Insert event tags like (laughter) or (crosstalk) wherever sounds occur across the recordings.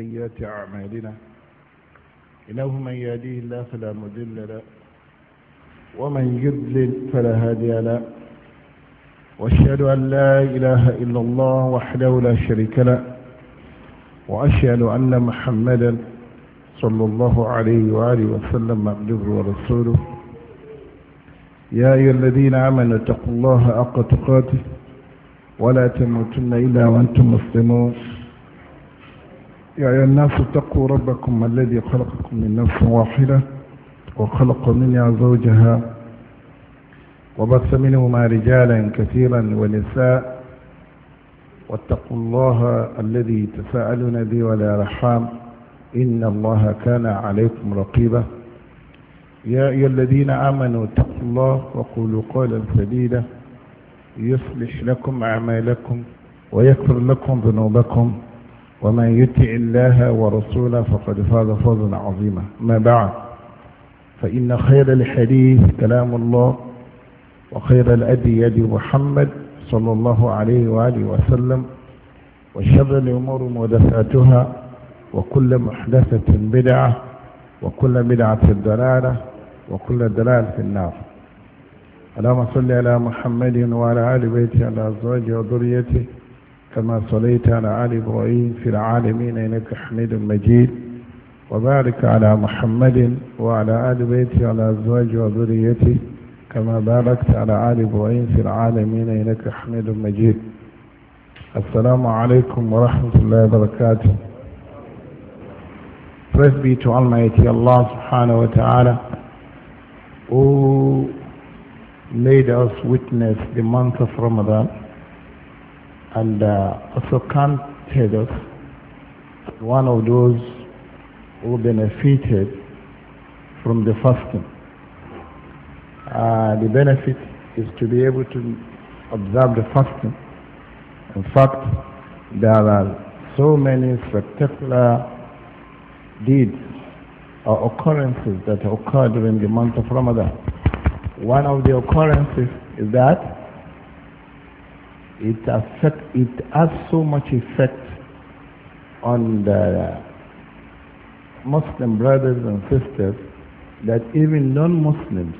سيئات أعمالنا إنه من يهديه الله فلا مضل له ومن يضلل فلا هادي له واشهد ان لا اله الا الله وحده لا شريك له واشهد ان محمدا صلى الله عليه واله وسلم عبده ورسوله يا ايها الذين امنوا اتقوا الله حق تقاته ولا تموتن الا وانتم مسلمون يا أيها الناس اتقوا ربكم الذي خلقكم من نفس واحدة وخلق منها زوجها وبث منهما رجالا كثيرا ونساء واتقوا الله الذي تساءلون به ولا رحام إن الله كان عليكم رقيبا يا أيها الذين آمنوا اتقوا الله وقولوا قولا سديدا يصلح لكم أعمالكم ويكفر لكم ذنوبكم ومن يطع الله ورسوله فقد فاز فوزا عظيما ما بعد فإن خير الحديث كلام الله وخير الأدي يد محمد صلى الله عليه وآله وسلم وشر الأمور محدثاتها وكل محدثة بدعة وكل بدعة ضلالة وكل ضلالة في النار اللهم صل على محمد وعلى آل بيته على أزواجه وذريته كما صليت على آل إبراهيم في العالمين إنك حميد مجيد وبارك على محمد وعلى آل بيته وعلى أزواجه وذريته كما باركت على آل إبراهيم في العالمين إنك حميد مجيد السلام عليكم ورحمة الله وبركاته Praise be to Almighty Allah subhanahu wa ta'ala who made us witness the month of Ramadan and uh, also can't tell us one of those who benefited from the fasting. Uh, the benefit is to be able to observe the fasting. In fact, there are so many spectacular deeds or occurrences that occur during the month of Ramadan. One of the occurrences is that it affect it has so much effect on the Muslim brothers and sisters that even non-Muslims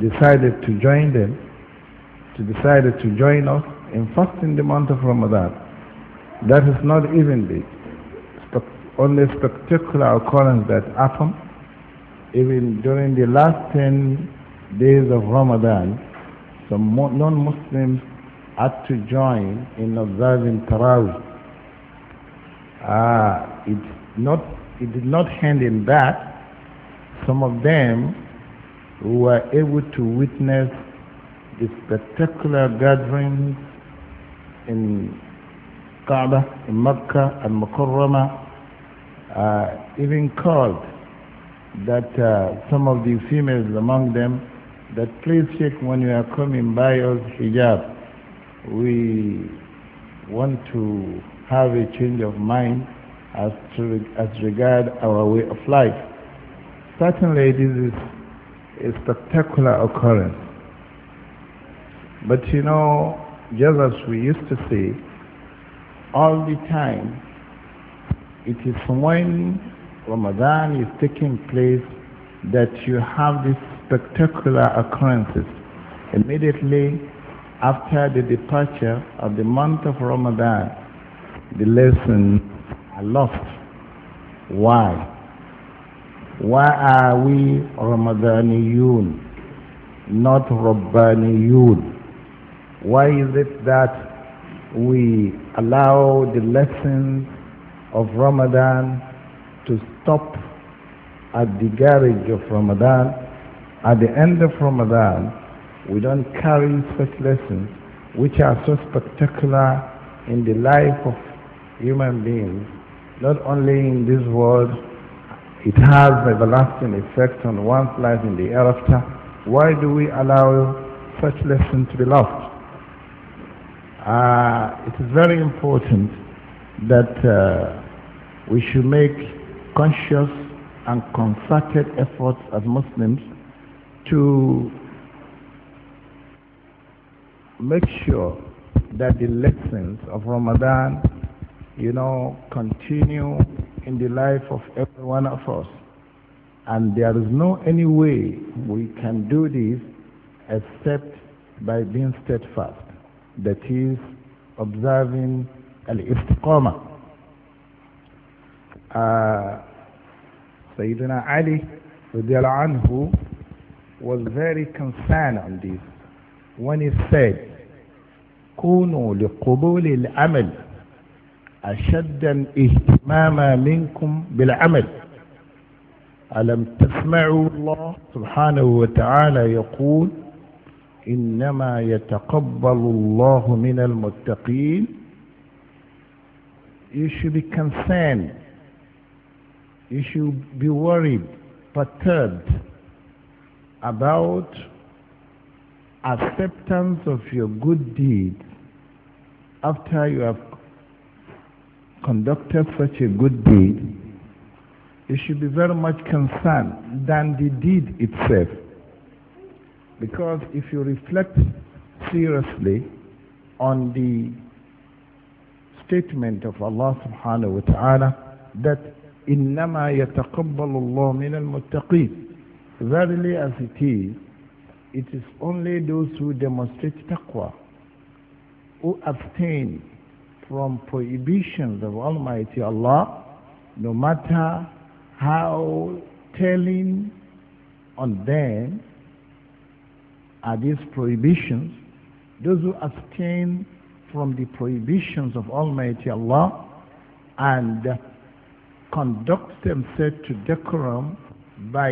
decided to join them, to decided to join us in fasting the month of Ramadan. That is not even the only spectacular occurrence that happened. Even during the last 10 days of Ramadan, some non-Muslims had to join in observing Tarawih. Uh, it, not, it did not end in that. Some of them were able to witness the spectacular gatherings in Kaaba, in Mecca, and Mukarramah, uh, even called that uh, some of the females among them that please check when you are coming by us hijab we want to have a change of mind as, to, as regard our way of life. Certainly this is a spectacular occurrence. But you know, just as we used to say, all the time, it is when Ramadan is taking place that you have these spectacular occurrences. Immediately after the departure of the month of Ramadan, the lessons are lost. Why? Why are we Ramadaniyun, not Rabbaniyun? Why is it that we allow the lessons of Ramadan to stop at the garage of Ramadan, at the end of Ramadan, we don't carry such lessons which are so spectacular in the life of human beings, not only in this world, it has everlasting effect on one's life in the hereafter. Why do we allow such lessons to be lost? Uh, it is very important that uh, we should make conscious and concerted efforts as Muslims to make sure that the lessons of Ramadan, you know, continue in the life of every one of us. And there is no any way we can do this except by being steadfast. That is, observing al-istiqamah. Uh, Sayyidina Ali anhu, was very concerned on this when he said, كونوا لقبول العمل أشدا اهتماما منكم بالعمل ألم تسمعوا الله سبحانه وتعالى يقول إنما يتقبل الله من المتقين You should be concerned You should be worried perturbed about acceptance of your good deed after you have conducted such a good deed, you should be very much concerned than the deed itself. Because if you reflect seriously on the statement of Allah subhanahu wa ta'ala that إنما يتقبل الله من المتقين Verily as it is, it is only those who demonstrate taqwa who abstain from prohibitions of Almighty Allah, no matter how telling on them are these prohibitions, those who abstain from the prohibitions of Almighty Allah and conduct themselves to decorum by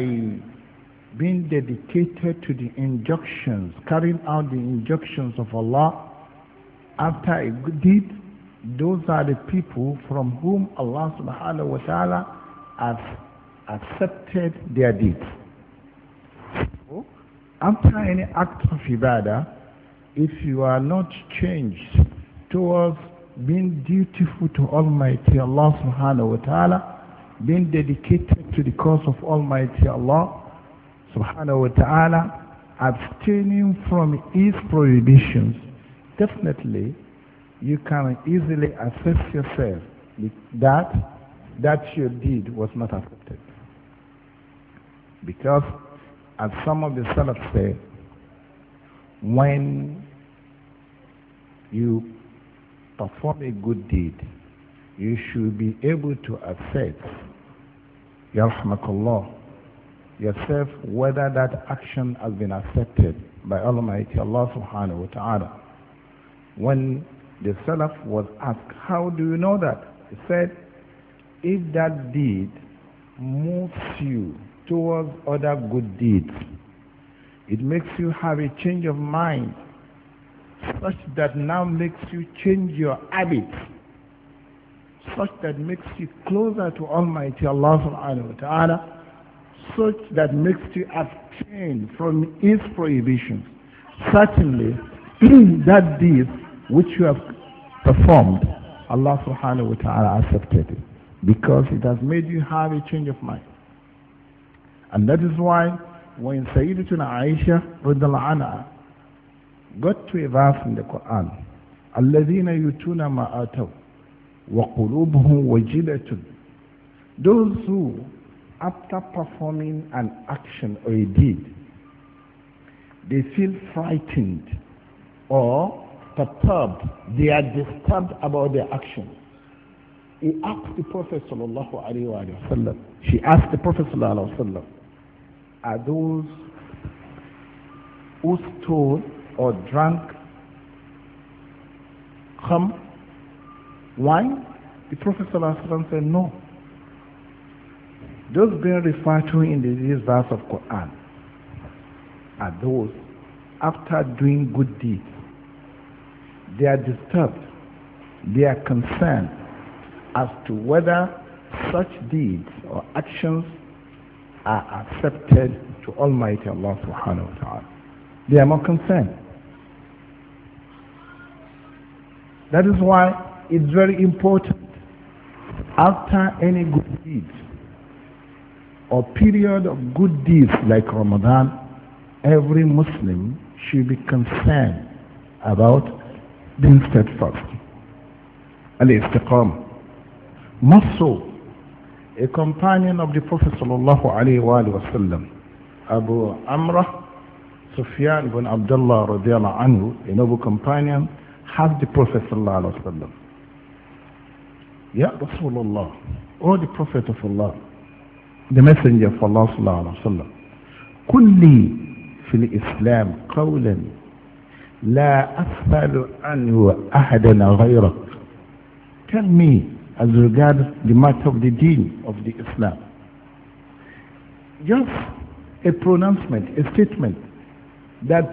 being dedicated to the injunctions, carrying out the injunctions of Allah after a good deed, those are the people from whom Allah subhanahu wa ta'ala has accepted their deed. after any act of ibadah, if you are not changed towards being dutiful to Almighty Allah subhanahu wa ta'ala, being dedicated to the cause of Almighty Allah subhanahu wa ta'ala, abstaining from His prohibitions, definitely you can easily assess yourself that that you did was not accepted. Because as some of the Salaf say, when you perform a good deed, you should be able to assess, Yarhamakallah yourself whether that action has been accepted by Almighty Allah subhanahu wa ta'ala. When the Salaf was asked, How do you know that? He said, If that deed moves you towards other good deeds, it makes you have a change of mind such that now makes you change your habits, such that makes you closer to Almighty Allah subhanahu wa ta'ala, such that makes you abstain from His prohibitions. Certainly, (clears throat) that deed which you have performed, Allah subhanahu wa ta'ala accepted it because it has made you have a change of mind. And that is why when Sayyidina Aisha anha, got to a verse in the Quran, الَّذِينَ يُتُونَ مَا آتَوْا وَقُلُوبُهُمْ وَجِلَةٌ Those who, after performing an action or a deed, they feel frightened or perturbed, they are disturbed about their action. He asked the Prophet sallallahu alaihi wasallam. She asked the Prophet sallallahu alaihi wasallam, "Are those who stole or drank come? wine?" The Prophet sallallahu alaihi wasallam said, "No." Those being referred to in this verse of Quran are those after doing good deeds they are disturbed. They are concerned as to whether such deeds or actions are accepted to Almighty Allah subhanahu wa ta'ala. They are more concerned. That is why it's very important after any good deed or period of good deeds like Ramadan, every Muslim should be concerned about being steadfast الاستقامة Maso a companion of the Prophet sallallahu alayhi wasallam, Abu Amrah Sufyan ibn Abdullah radiallahu anhu a noble companion had the Prophet sallallahu alayhi wasallam. Ya Rasulullah or the Prophet of Allah the messenger of Allah sallallahu alayhi wasallam, sallam kulli fil Islam qawlan لا أسأل عنه أحدا غيرك tell me as regards the matter of the deen of the Islam just a pronouncement a statement that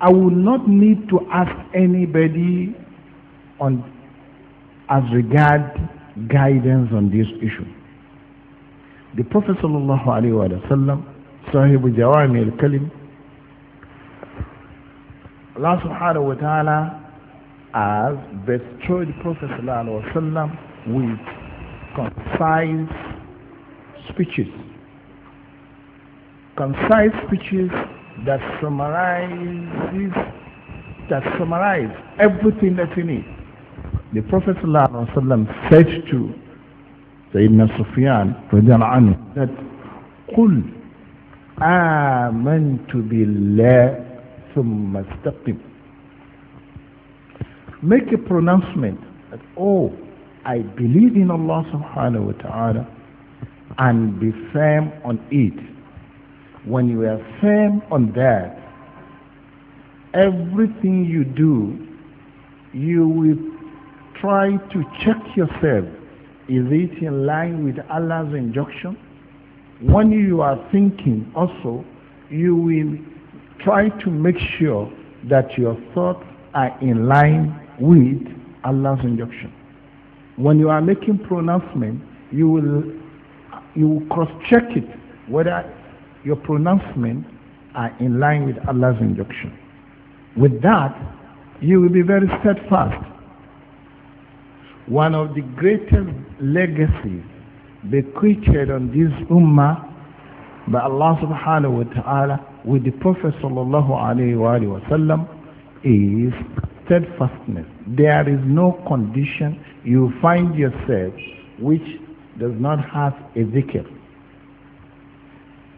I will not need to ask anybody on as regard guidance on this issue the Prophet sallallahu alaihi wasallam صاحب جوامع الكلم Allah subhanahu wa ta'ala has bestowed Prophet sallallahu alaihi wasallam with concise speeches. Concise speeches that summarizes that summarize everything that you need. The Prophet Wasallam said to Sayyidina Sufyan anhu, that قل آمنت بالله ثم استقم make a pronouncement that oh I believe in Allah subhanahu wa ta'ala and be firm on it when you are firm on that everything you do you will try to check yourself is it in line with Allah's injunction when you are thinking also you will try to make sure that your thoughts are in line with Allah's injunction. When you are making pronouncement, you will you will cross-check it whether your pronouncement are in line with Allah's injunction. With that, you will be very steadfast. One of the greatest legacies bequeathed on this ummah by Allah subhanahu wa ta'ala with the Prophet sallallahu alaihi wasallam is steadfastness. There is no condition you find yourself which does not have a zikr.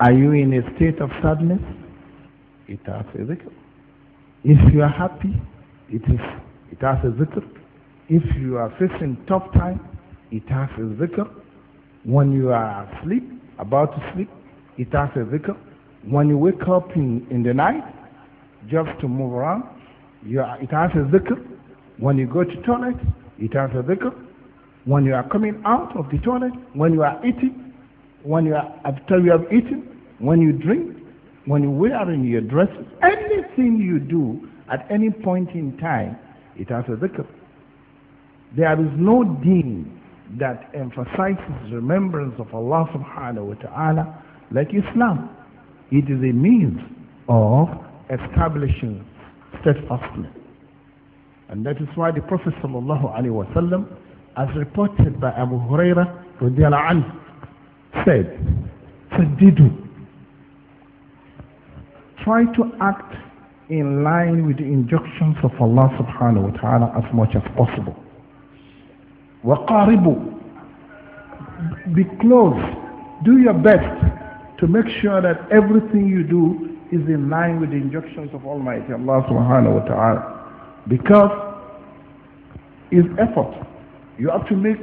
Are you in a state of sadness? It has a zikr. If you are happy, it is it has a zikr. If you are facing tough time, it has a zikr. When you are asleep, about to sleep, it has a zikr when you wake up in, in the night, just to move around, you are, it has a dhikr. When you go to toilet, it has a dhikr. When you are coming out of the toilet, when you are eating, when you are after you have eaten, when you drink, when you wear in your dress, anything you do at any point in time, it has a dhikr. There is no deen that emphasizes remembrance of Allah subhanahu wa ta'ala like Islam. It is a means of establishing steadfastness. And that is why the Prophet وسلم, as reported by Abu Huraira, anhu, said, Sadidu, try to act in line with the injunctions of Allah subhanahu wa ta'ala as much as possible. Waqaribu, be close, do your best to make sure that everything you do is in line with the injunctions of Almighty Allah subhanahu wa ta'ala. Because it's effort. You have to make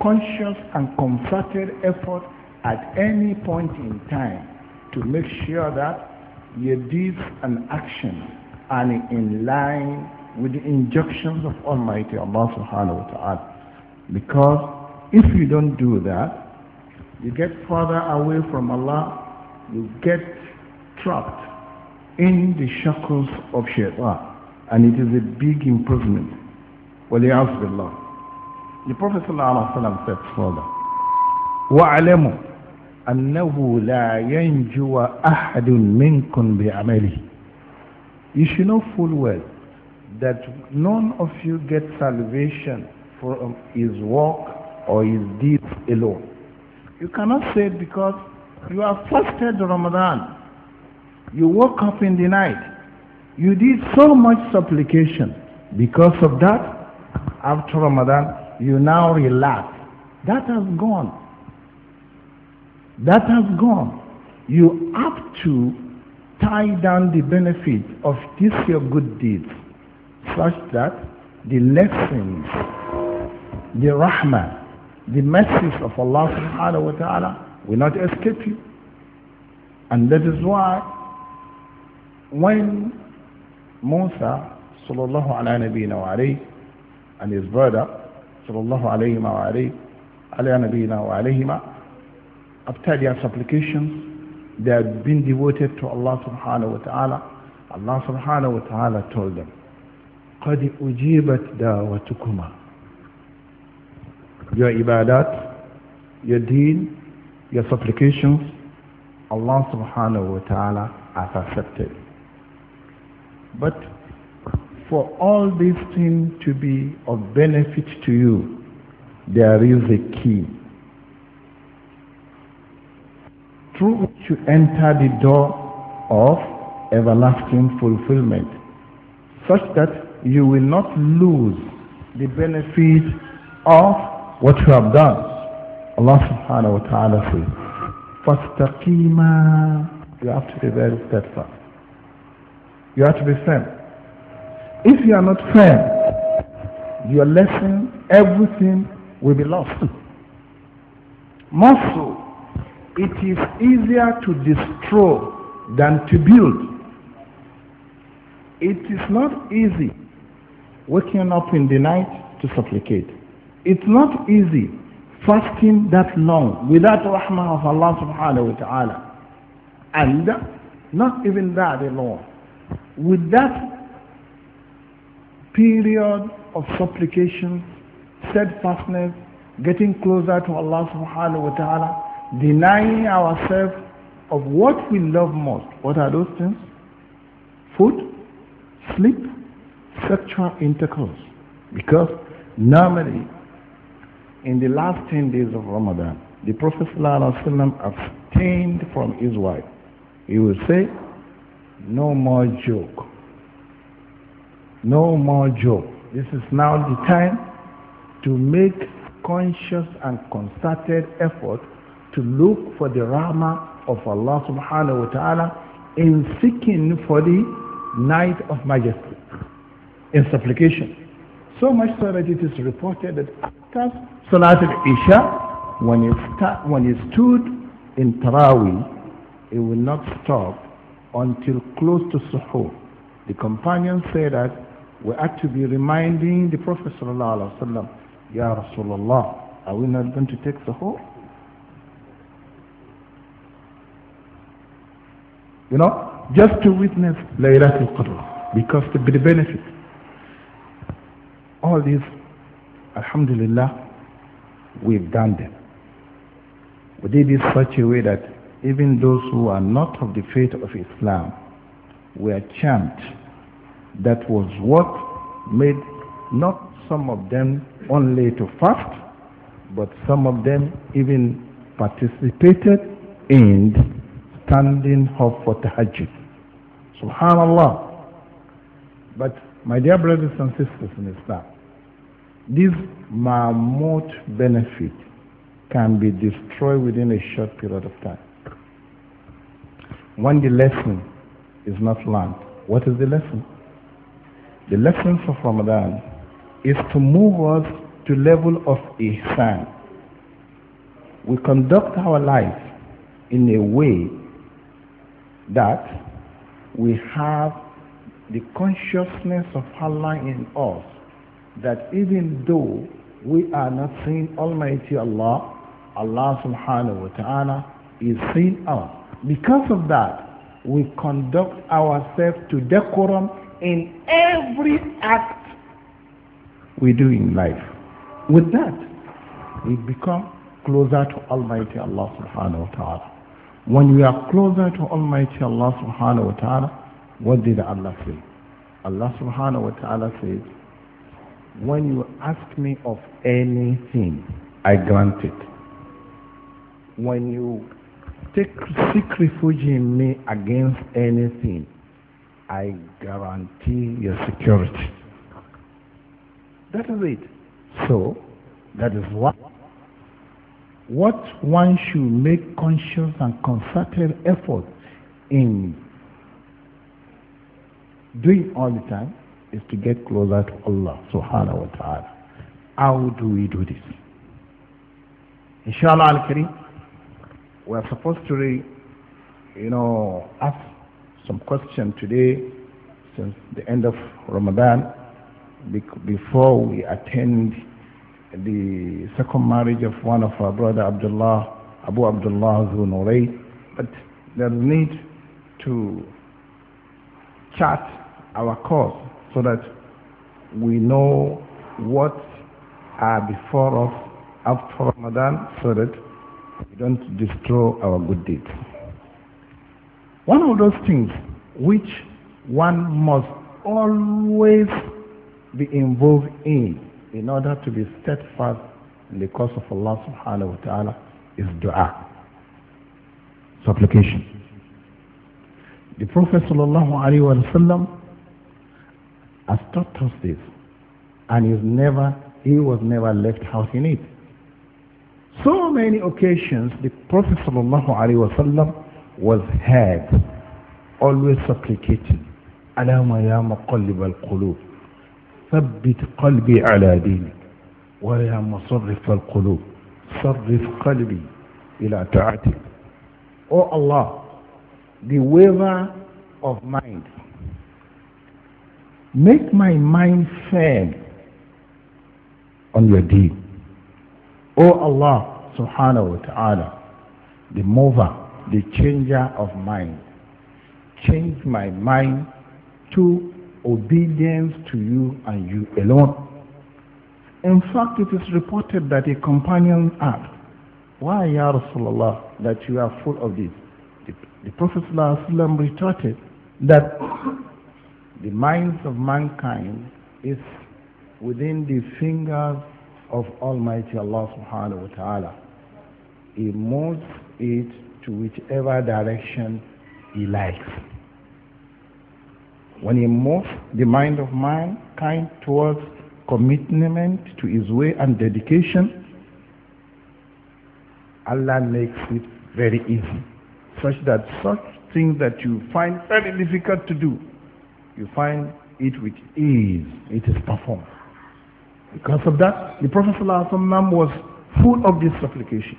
conscious and concerted effort at any point in time to make sure that your deeds and actions are in line with the injunctions of Almighty Allah subhanahu wa ta'ala. Because if you don't do that, you get further away from Allah you get trapped in the shackles of shaitan. And it is a big improvement. وَلِيَعْزُ Allah, The Prophet ﷺ said further, وَعَلَمُوا أَنَّهُ لَا يَنْجُوَ أَحَدٌ مِنْكُمْ بِعَمَلِهِ You should know full well that none of you get salvation from his work or his deeds alone. You cannot say because You have fasted Ramadan. You woke up in the night. You did so much supplication. Because of that, after Ramadan, you now relax. That has gone. That has gone. You have to tie down the benefit of these your good deeds such that the lessons, the rahmah, the message of Allah subhanahu wa ta'ala will not escape you. And that is why when Musa sallallahu alayhi nabiyina wa and his brother sallallahu alayhi wa alayhi alayhi nabiyina wa alayhima after their supplications they had been devoted to Allah subhanahu wa ta'ala Allah subhanahu wa ta'ala told them قد أجيبت دعوتكما your ibadat your deen your supplications, Allah subhanahu wa ta'ala has accepted. But for all these things to be of benefit to you, there is a key through which you enter the door of everlasting fulfillment, such that you will not lose the benefit of what you have done. Allah subhanahu wa ta'ala says, Fastaqima. You have to be very steadfast. You have to be firm. If you are not firm, your lesson, everything will be lost. More so, it is easier to destroy than to build. It is not easy waking up in the night to supplicate. It's not easy fasting that long without the rahmah of Allah subhanahu wa ta'ala. And not even that alone. With that period of supplication, steadfastness, getting closer to Allah subhanahu wa ta'ala, denying ourselves of what we love most. What are those things? Food, sleep, sexual intercourse. Because normally in the last ten days of Ramadan, the Prophet ﷺ abstained from his wife. He will say, no more joke. No more joke. This is now the time to make conscious and concerted effort to look for the rahmah of Allah subhanahu wa ta'ala in seeking for the night of majesty, in supplication. So much so that it is reported that after Salat al-Isha, when he, start, when he stood in Taraweeh, he will not stop until close to Suhoor. The companions said that we are to be reminding the Prophet sallallahu alaihi Ya Rasulullah, are we not going to take Suhoor? You know, just to witness Laylatul Qadr, because to be the benefit all these, alhamdulillah, we've done them. We did it such a way that even those who are not of the faith of Islam were charmed. That was what made not some of them only to fast, but some of them even participated in standing up for tahajjud. Subhanallah. But my dear brothers and sisters in Islam, this mammoth benefit can be destroyed within a short period of time. When the lesson is not learned, what is the lesson? The lesson of Ramadan is to move us to level of ihsan. We conduct our life in a way that we have the consciousness of Allah in us that even though we are not seeing Almighty Allah, Allah subhanahu wa ta'ala is seeing us. Because of that, we conduct ourselves to decorum in every act we do in life. With that, we become closer to Almighty Allah subhanahu wa ta'ala. When we are closer to Almighty Allah subhanahu wa ta'ala, what did Allah say? Allah subhanahu wa ta'ala says, when you ask me of anything, I grant it. When you take, seek refuge in me against anything, I guarantee your security. That is it. So, that is what what one should make conscious and concerted effort in doing all the time is to get closer to Allah subhanahu wa ta'ala. How do we do this? Inshallah al-Kareem, we're supposed to, you know, ask some questions today since the end of Ramadan before we attend the second marriage of one of our brother Abdullah, Abu Abdullah Zunuray. But there's need to chart our course so that we know what are before us after Ramadan so that we don't destroy our good deeds. One of those things which one must always be involved in in order to be steadfast in the cause of Allah subhanahu wa ta'ala is dua, supplication. The Prophet sallallahu alaihi wasallam has taught us this. And he's never, he was never left out in it. So many occasions the Prophet ﷺ was heard, always supplicating, Allahumma ya muqallib al-qulub, thabbit qalbi ala dinik, wa ya musarrif al-qulub, sarrif qalbi ila ta'atik. Oh Allah, the waiver of mind Make my mind firm on your deed. O Allah subhanahu wa ta'ala, the mover, the changer of mind, change my mind to obedience to you and you alone. In fact, it is reported that a companion asked, Why, Ya Rasulullah, that you are full of this? The, the Prophet retorted that the minds of mankind is within the fingers of Almighty Allah subhanahu wa ta'ala. He moves it to whichever direction he likes. When he moves the mind of mankind towards commitment to his way and dedication, Allah makes it very easy, such that such things that you find very difficult to do, you find it with ease. It is performed. Because of that, the Prophet ﷺ was full of this supplication.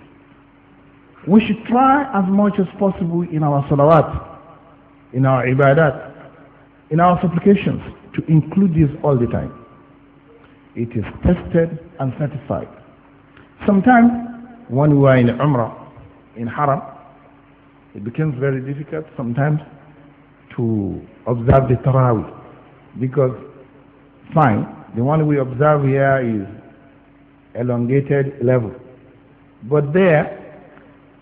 We should try as much as possible in our salawat, in our ibadat, in our supplications to include this all the time. It is tested and certified. Sometimes, when we are in Umrah, in Haram, it becomes very difficult. Sometimes to observe the Tarawih. Because, fine, the one we observe here is elongated 11. But there,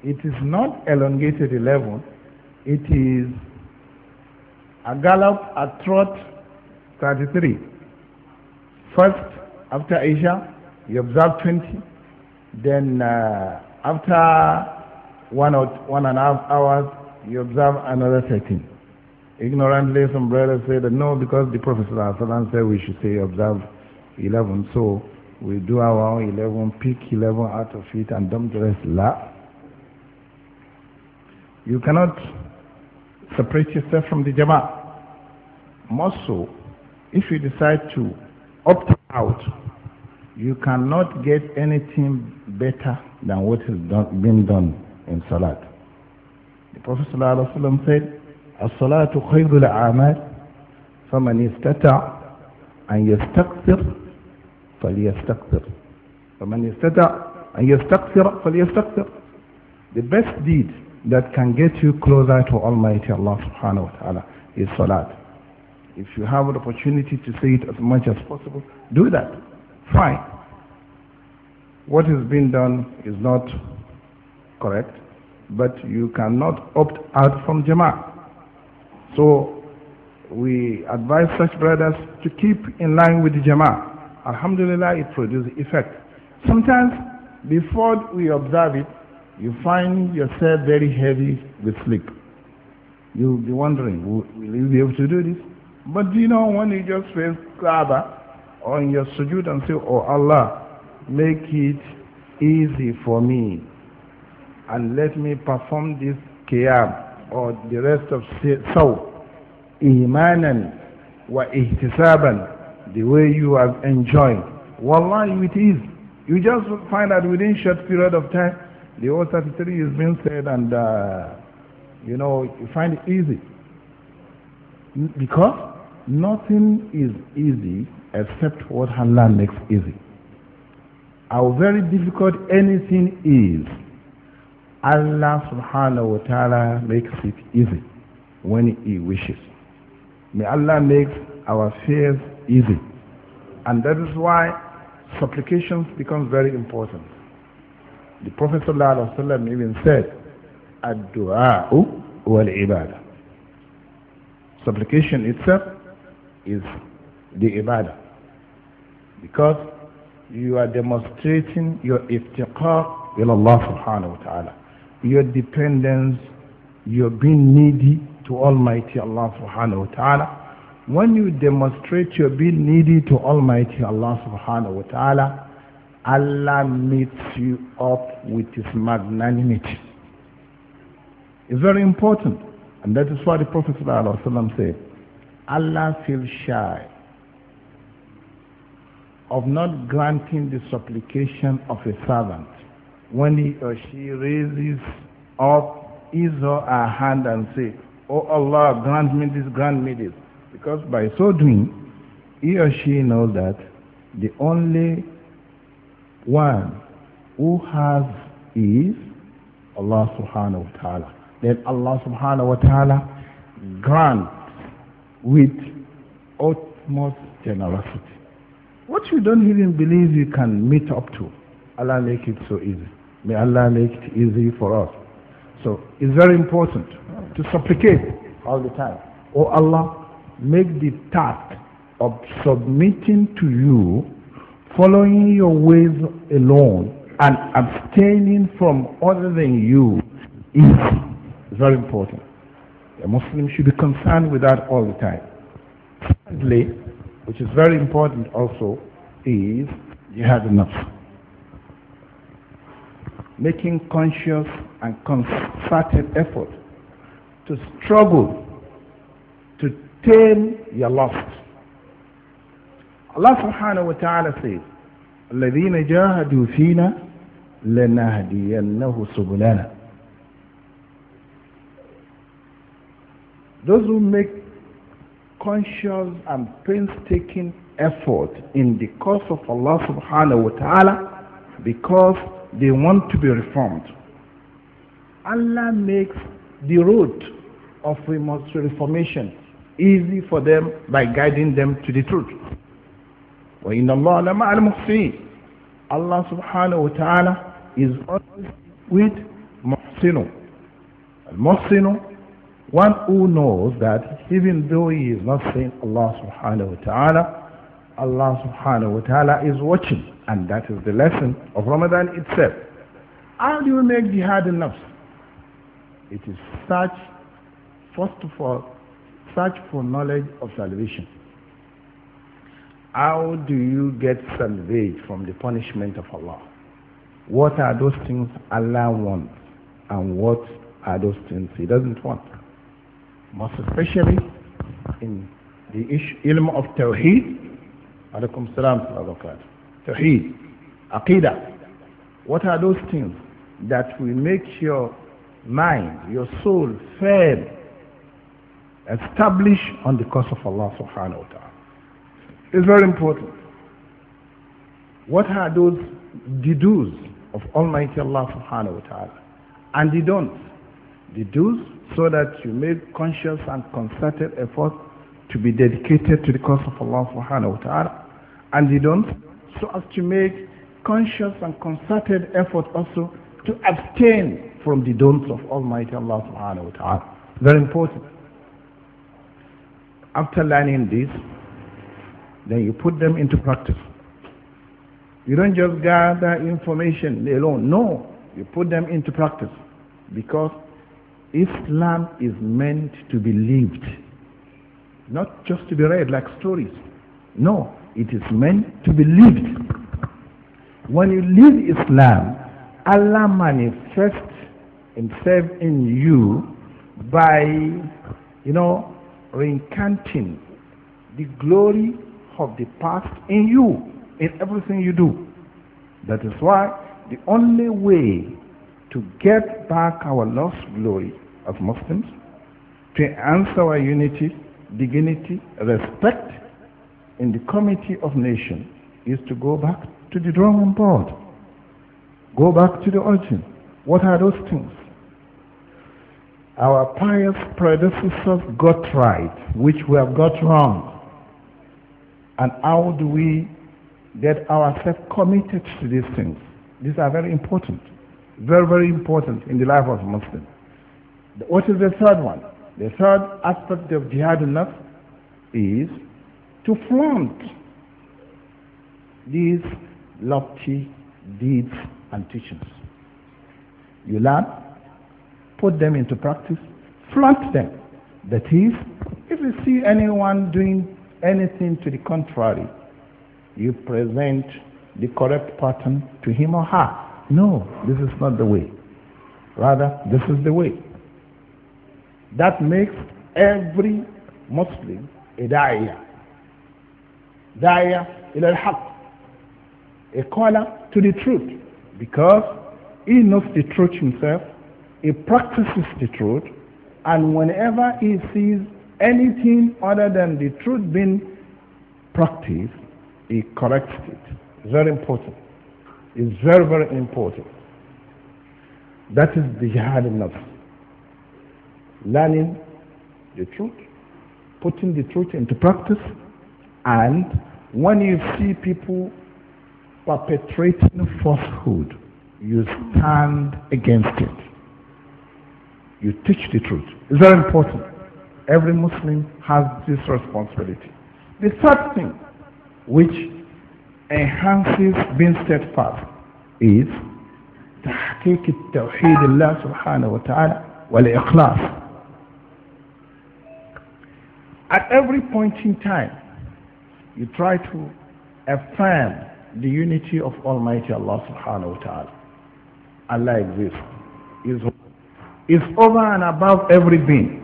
it is not elongated 11, it is a gallop, a trot 33. First, after Asia, you observe 20. Then, uh, after one or one and a half hours, you observe another 13. Ignorantly, some brothers say that no, because the Prophet said we should say observe 11. So we do our 11, pick 11 out of it and dump the rest. La. You cannot separate yourself from the Jama'ah. More so, if you decide to opt out, you cannot get anything better than what has done, been done in Salat. The Prophet ﷺ said, الصلاة خير الأعمال فمن استطاع أن يستغفر فليستغفر فمن استطاع أن يستغفر فليستغفر The best deed that can get you closer to Almighty Allah subhanahu wa ta'ala is salat. If you have an opportunity to say it as much as possible, do that. Fine. What has been done is not correct, but you cannot opt out from jama'ah. So we advise such brothers to keep in line with the Jama'ah. Alhamdulillah, it produces effect. Sometimes, before we observe it, you find yourself very heavy with sleep. You'll be wondering, will, you be able to do this? But you know, when you just face Kaaba or your sujood and say, Oh Allah, make it easy for me and let me perform this Qiyam or the rest of Saw, imanan wa ihtisaban, the way you have enjoyed. Wallahi, it is. You just find that within short period of time, the whole 33 is being said and, uh, you know, you find it easy. Because nothing is easy except what Allah makes easy. How very difficult anything is Allah subhanahu wa ta'ala makes it easy when He wishes. May Allah make our fears easy. And that is why supplications become very important. The Prophet sallallahu ﷺ even said, Ad-du'a'u wal-ibadah. Supplication itself is the ibadah. Because you are demonstrating your iftiqar ila Allah subhanahu wa ta'ala your dependence, your being needy to Almighty Allah subhanahu wa ta'ala. When you demonstrate your being needy to Almighty Allah subhanahu wa ta'ala, Allah meets you up with His magnanimity. It's very important. And that is why the Prophet ﷺ said, Allah feels shy of not granting the supplication of a servant when he or she raises up his or her hand and say, Oh Allah, grant me this, grant me this. Because by so doing, he or she knows that the only one who has is Allah subhanahu wa ta'ala. Then Allah subhanahu wa ta'ala grants with utmost generosity. What you don't even believe you can meet up to, Allah make it so easy. May Allah make it easy for us. So it's very important to supplicate all the time. Oh Allah, make the task of submitting to you, following your ways alone, and abstaining from other than you It's very important. A Muslim should be concerned with that all the time. Secondly, which is very important also, is you have enough making conscious and concerted effort to struggle to tame your lust. Allah subhanahu wa ta'ala says, الَّذِينَ جَاهَدُوا فِينَا لَنَهْدِيَنَّهُ Those who make conscious and painstaking effort in the cause of Allah subhanahu wa ta'ala because they want to be reformed. Allah makes the road of reformation easy for them by guiding them to the truth. Allah subhanahu wa ta'ala is always with muhsinu. Al-muhsinu, one who knows that even though he is not saying Allah subhanahu wa ta'ala, Allah subhanahu wa ta'ala is watching. And that is the lesson of Ramadan itself. How do you make jihad in nafs? It is search, first of all, search for knowledge of salvation. How do you get salvaged from the punishment of Allah? What are those things Allah wants? And what are those things He doesn't want? Most especially in the issue, ilm of Tawheed, Alaikum salam Tawheed, Aqidah. What are those things that will make your mind, your soul firm, established on the cause of Allah subhanahu wa ta'ala? It's very important. What are those the do's of Almighty Allah subhanahu wa ta'ala and the don'ts? The do's so that you make conscious and concerted effort to be dedicated to the cause of Allah subhanahu wa ta'ala and they don't, so as to make conscious and concerted effort also to abstain from the don'ts of Almighty Allah subhanahu wa ta'ala. Very important. After learning this, then you put them into practice. You don't just gather information alone. No, you put them into practice because Islam is meant to be lived, not just to be read like stories. No, it is meant to be lived. When you live Islam, Allah manifests Himself in you by, you know, recanting the glory of the past in you, in everything you do. That is why the only way to get back our lost glory as Muslims, to enhance our unity, dignity, respect, in the Committee of Nations is to go back to the drawing board. Go back to the origin. What are those things? Our pious predecessors got right, which we have got wrong. And how do we get ourselves committed to these things? These are very important. Very, very important in the life of a Muslim. What is the third one? The third aspect of jihad enough is to flaunt these lofty deeds and teachings. You learn, put them into practice, flaunt them. That is, if you see anyone doing anything to the contrary, you present the correct pattern to him or her. No, this is not the way. Rather, this is the way. That makes every Muslim a da'iyah. Daya ila al A caller to the truth because he knows the truth himself, he practices the truth, and whenever he sees anything other than the truth being practiced, he corrects it. Very important. It's very, very important. That is the jihad in Learning the truth, putting the truth into practice, and when you see people perpetrating falsehood, you stand against it. You teach the truth. It's very important. Every Muslim has this responsibility. The third thing which enhances being steadfast is تحقيق التوحيد الله سبحانه وتعالى والإخلاص. At every point in time, you try to affirm the unity of Almighty Allah subhanahu wa ta'ala. Allah exists. Is, is over and above everything.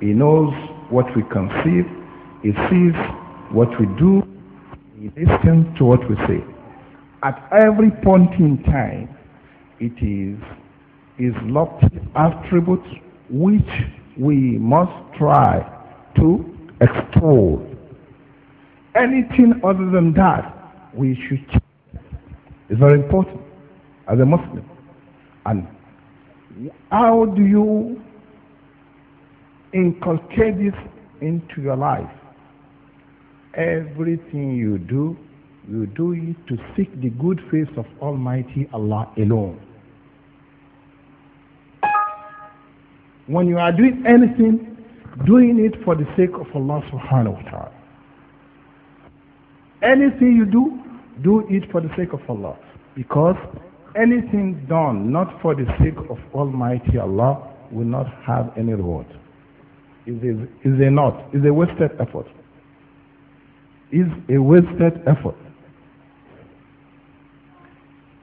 He knows what we conceive. He sees what we do. He listens to what we say. At every point in time, it is His lofty attributes which we must try to extol anything other than that, we should check. It's very important as a Muslim. And how do you inculcate this into your life? Everything you do, you do it to seek the good face of Almighty Allah alone. When you are doing anything, doing it for the sake of Allah subhanahu wa ta'ala. Anything you do, do it for the sake of Allah. Because anything done not for the sake of Almighty Allah will not have any reward. Is a, not, is a wasted effort. Is a wasted effort.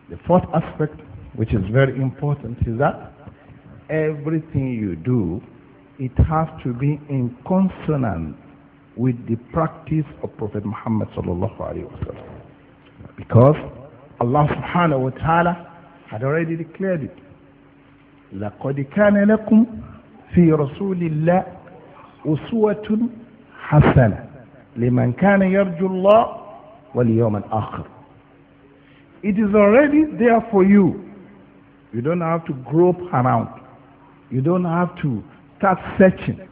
The fourth aspect, which is very important, is that everything you do, it has to be in consonance with the practice of Prophet Muhammad sallallahu alaihi wasallam. Because Allah subhanahu wa ta'ala had already declared it. لَقَدْ كَانَ لَكُمْ فِي رَسُولِ اللَّهِ أُسْوَةٌ حَسَنَةٌ لِمَنْ كَانَ يَرْجُو اللَّهِ وَالْيَوْمَ الْآخِرِ It is already there for you. You don't have to grope around. You don't have to start searching.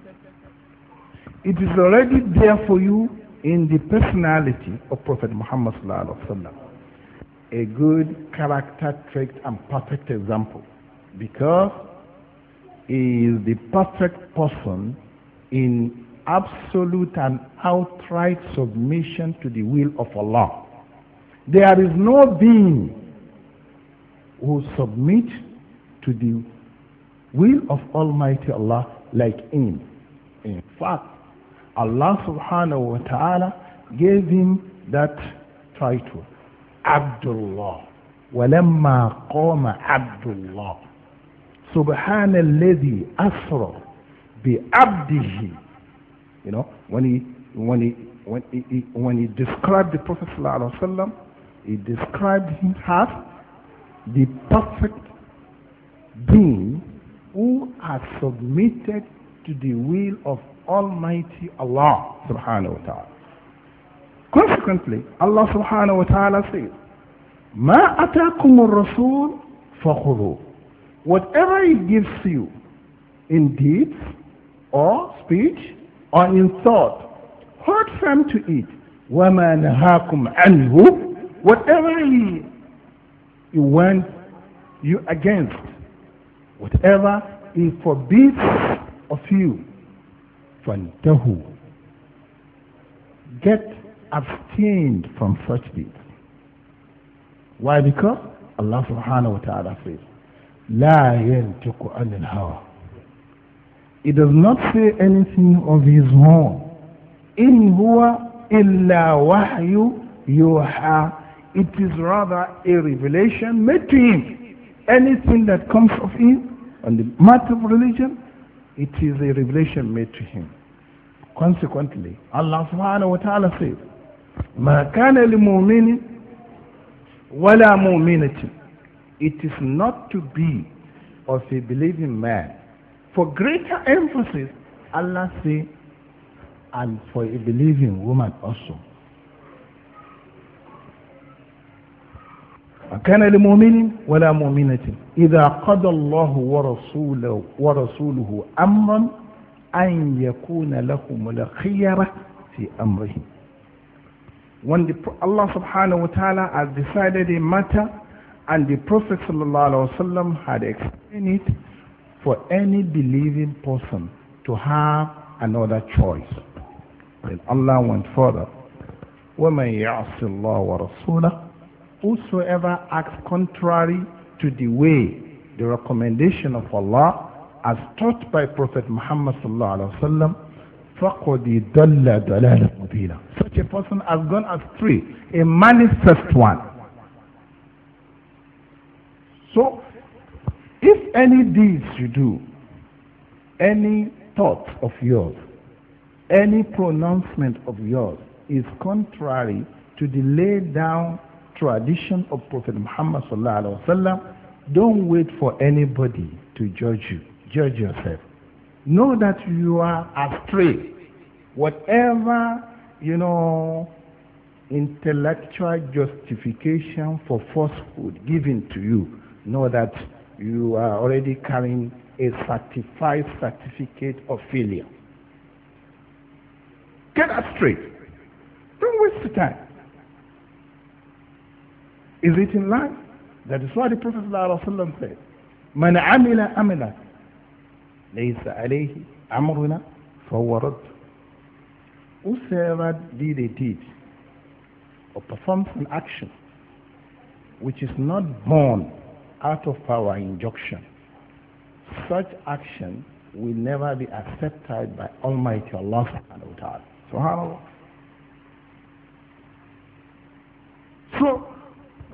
It is already there for you in the personality of Prophet Muhammad sallallahu alaihi wasallam. A good character trait and perfect example because he is the perfect person in absolute and outright submission to the will of Allah. There is no being who submits to the will of Almighty Allah like him. In fact, Allah subhanahu wa ta'ala gave him that title, Abdullah. ولما قام عبد الله سبحان الذي أسرى بعبده you know when he when he when he, when he described the Prophet sallallahu alaihi wasallam he described him as the perfect being who has submitted to the will of Almighty Allah subhanahu wa ta'ala. Consequently, Allah subhanahu wa ta'ala says, مَا أَتَاكُمُ rasul فَخُذُوهُ Whatever he gives you in deeds or speech or in thought, hold firm to it. وَمَا نَهَاكُمْ عَنْهُ Whatever he, he warns you against, whatever he forbids of you. Fantahu. Get abstained from such deeds. Why? Because Allah subhanahu wa ta'ala says, لا yantiku anil hawa. It does not say anything of his own. In huwa إِلَّا وَحْيُ يُوحَى. It is rather a revelation made to him. Anything that comes of him on the matter of religion, it is a revelation made to him. Consequently, Allah subhanahu wa ta'ala says, مَا كَانَ لِمُؤْمِنٍ وَلَا مُؤْمِنَةٍ It is not to be of a believing man. For greater emphasis, Allah says, and for a believing woman also. كان لمؤمن ولا مؤمنة إذا قضى الله ورسوله, ورسوله أمرا أن يكون لهم الخيرة في أمره. When the, Allah subhanahu wa ta'ala has decided a matter and the Prophet sallallahu alaihi wasallam had explained it for any believing person to have another choice. Then Allah went further. وَمَن يَعْصِ اللَّهَ وَرَسُولَهُ whosoever acts contrary to the way, the recommendation of Allah, as taught by Prophet Muhammad Such a person has gone astray, a manifest one. So, if any deeds you do, any thought of yours, any pronouncement of yours is contrary to the laid down tradition of Prophet Muhammad sallallahu alaihi wasallam. Don't wait for anybody to judge you. Judge yourself. Know that you are astray. Whatever you know, intellectual justification for falsehood given to you, know that you are already carrying a certified certificate of failure. Get that straight. Don't waste the time. Is it in line? That is why the Prophet ﷺ said, "Man amila amila, ليس عليه أمرنا فهو رد. Whosoever did a deed or performs an action which is not born out of our injunction, such action will never be accepted by Almighty Allah subhanahu wa ta'ala. Subhanallah.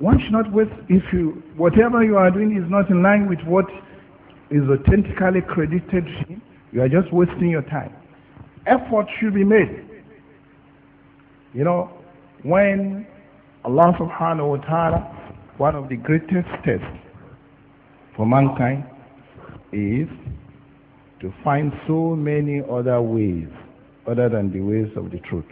One should not waste, if you, whatever you are doing is not in line with what is authentically credited to him, you are just wasting your time. Effort should be made. You know, when Allah subhanahu wa ta'ala, one of the greatest tests for mankind is to find so many other ways other than the ways of the truth.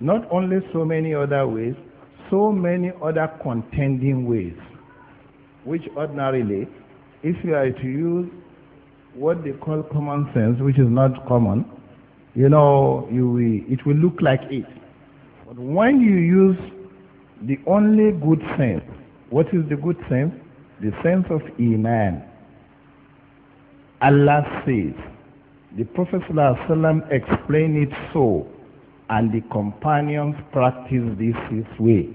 Not only so many other ways, so many other contending ways, which ordinarily, if you are to use what they call common sense, which is not common, you know, you will, it will look like it. But when you use the only good sense, what is the good sense? The sense of Iman. Allah says, the Prophet ﷺ explained it so and the companions practice this his way,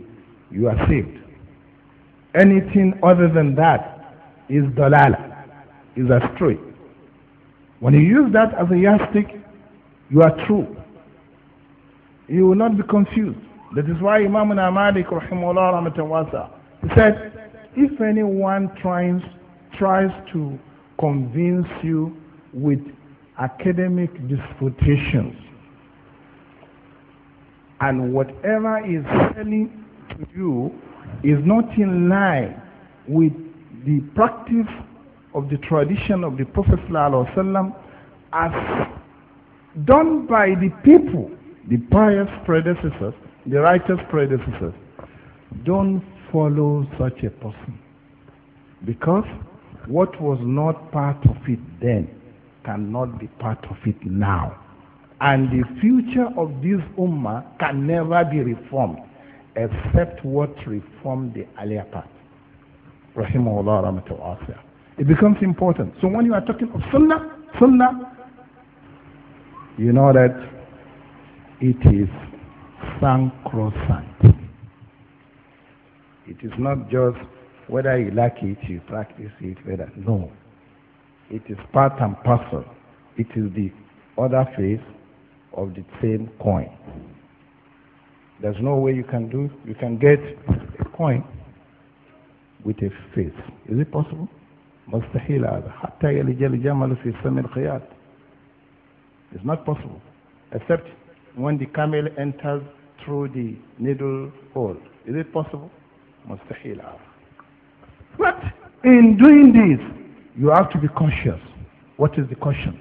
you are saved. Anything other than that is dalala, is astray. When you use that as a yardstick, you are true. You will not be confused. That is why Imam Malik rahimahullah he said, if anyone tries, tries to convince you with academic disputations, and whatever is selling to you is not in line with the practice of the tradition of the Prophet ﷺ as done by the people, the pious predecessors, the righteous predecessors. Don't follow such a person because what was not part of it then cannot be part of it now. And the future of this ummah can never be reformed except what reformed the earlier part. Rahimahullah It becomes important. So when you are talking of sunnah, sunnah, you know that it is sacrosanct. It is not just whether you like it, you practice it, whether no. It is part and parcel. It is the other face of the same coin. There's no way you can do you can get a coin with a face. Is it possible? مستحيل هذا حتى يلج الجمل في سم الخياط. It's not possible except when the camel enters through the needle hole. Is it possible? مستحيل هذا. But in doing this, you have to be conscious. What is the caution?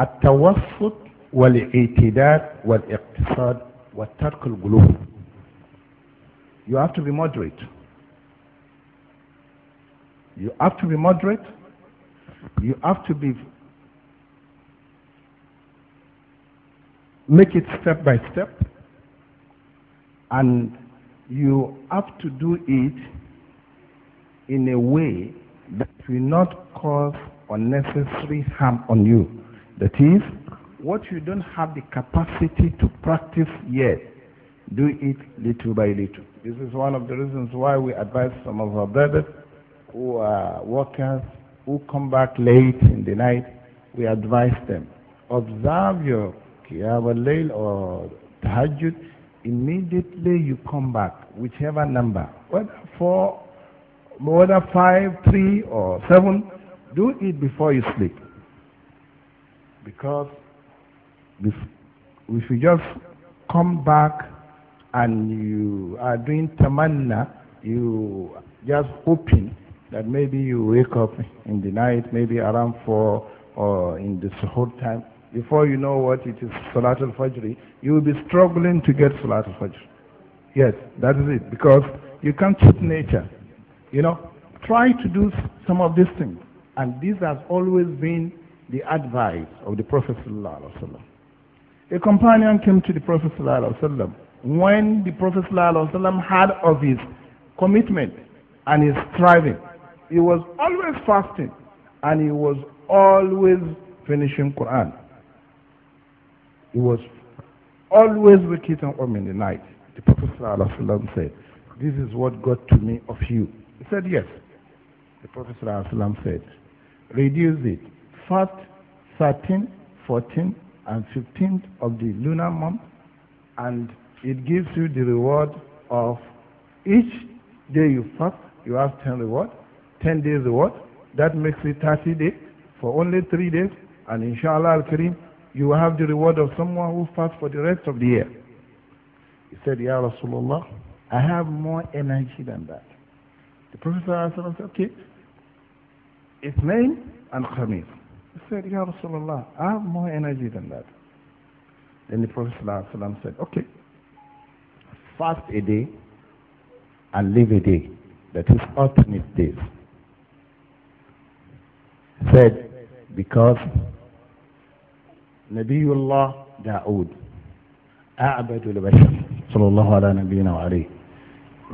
التوسط والاعتداد والاقتصاد وترك القلوب you have to be moderate you have to be moderate you have to be make it step by step and you have to do it in a way that will not cause unnecessary harm on you that is what you don't have the capacity to practice yet, do it little by little. This is one of the reasons why we advise some of our brothers who are workers who come back late in the night. We advise them observe your Qiyam al-Layl or Tahajjud. Immediately you come back, whichever number, whether four, whether five, three, or seven, do it before you sleep. Because if you just come back and you are doing tamanna, you just hoping that maybe you wake up in the night, maybe around 4 or in the suhoor time, before you know what it is Salatul Fajr, you will be struggling to get Salatul Fajr. Yes, that is it, because you can't cheat nature. You know, try to do some of these things. And this has always been the advice of the Prophet Sallallahu Alaihi Wasallam. A companion came to the Prophet ﷺ when the Prophet ﷺ had of his commitment and his striving. He was always fasting and he was always finishing Quran. He was always waking up in the night. The Prophet ﷺ said, This is what got to me of you. He said, Yes. The Prophet ﷺ said, Reduce it. Fast 13, 14, and 15th of the lunar month, and it gives you the reward of each day you fast, you have 10 reward, 10 days reward. That makes it 30 days for only 3 days, and inshallah al-kareem, you will have the reward of someone who fasts for the rest of the year. He said, Ya Rasulullah, I have more energy than that. The Prophet said, okay, it's name and Khamis. He said, Ya Rasulullah, I have more energy than that. Then the Prophet ﷺ said, Okay, fast a day and live a day. That is alternate days. Said, because Nabiullah Dawood, A'badul Bashar, sallallahu ala nabiyina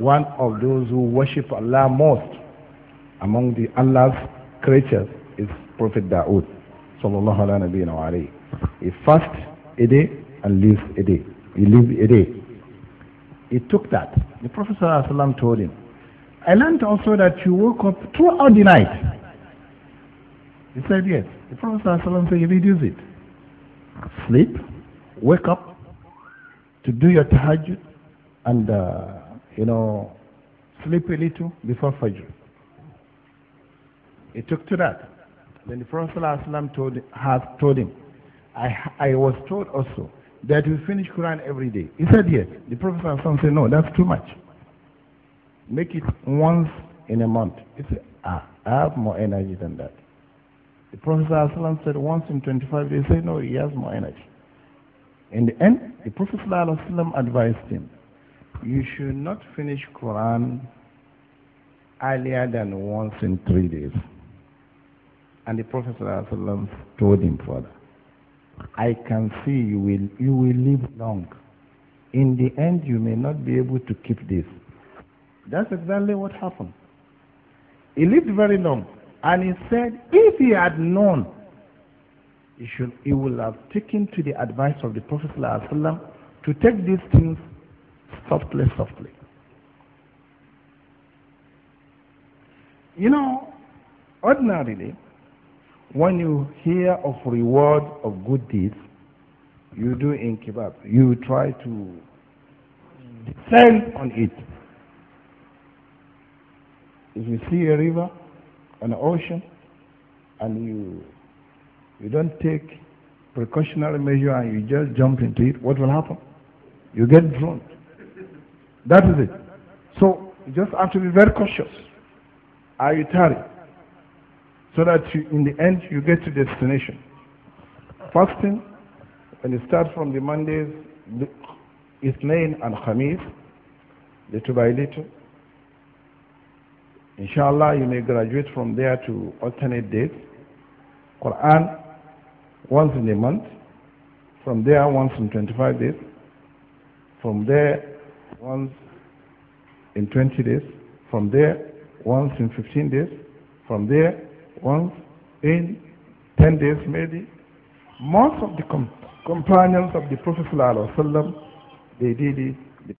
wa one of those who worship Allah most among the Allah's creatures is Prophet Dawood. Sallallahu alayhi wa He fasted a day and lived a day. He lived a day. He took that. The Prophet ﷺ told him, I learned also that you woke up throughout the night. He said, Yes. The Prophet ﷺ said, You reduce it. Sleep, wake up to do your tahajjud, and, uh, you know, sleep a little before Fajr. He took to that. Then the Prophet ﷺ told, has told him, I, I was told also that you finish Quran every day. He said yes. The Prophet ﷺ said, no, that's too much. Make it once in a month. He said, ah, I have more energy than that. The Prophet ﷺ said once in 25 days, he said, no, he has more energy. In the end, the Prophet ﷺ advised him, you should not finish Quran earlier than once in three days. And the Prophet ﷺ told him further, I can see you will, you will live long. In the end, you may not be able to keep this. That's exactly what happened. He lived very long. And he said, if he had known, he, should, he would have taken to the advice of the Prophet ﷺ to take these things softly, softly. You know, ordinarily, when you hear of reward of good deeds, you do in Kebab. You try to descend on it. If you see a river, an ocean, and you you don't take precautionary measure and you just jump into it, what will happen? You get drowned. That is it. So you just have to be very cautious. Are you tired? so that you, in the end you get to destination. Fasting, when you start from the Mondays, Ithnain and Khamis, little by little. Inshallah, you may graduate from there to alternate days. Quran, once in a month. From there, once in 25 days. From there, once in 20 days. From there, once in 15 days. From there, once in 10 days maybe. Most of the com companions of the Prophet ﷺ, they did it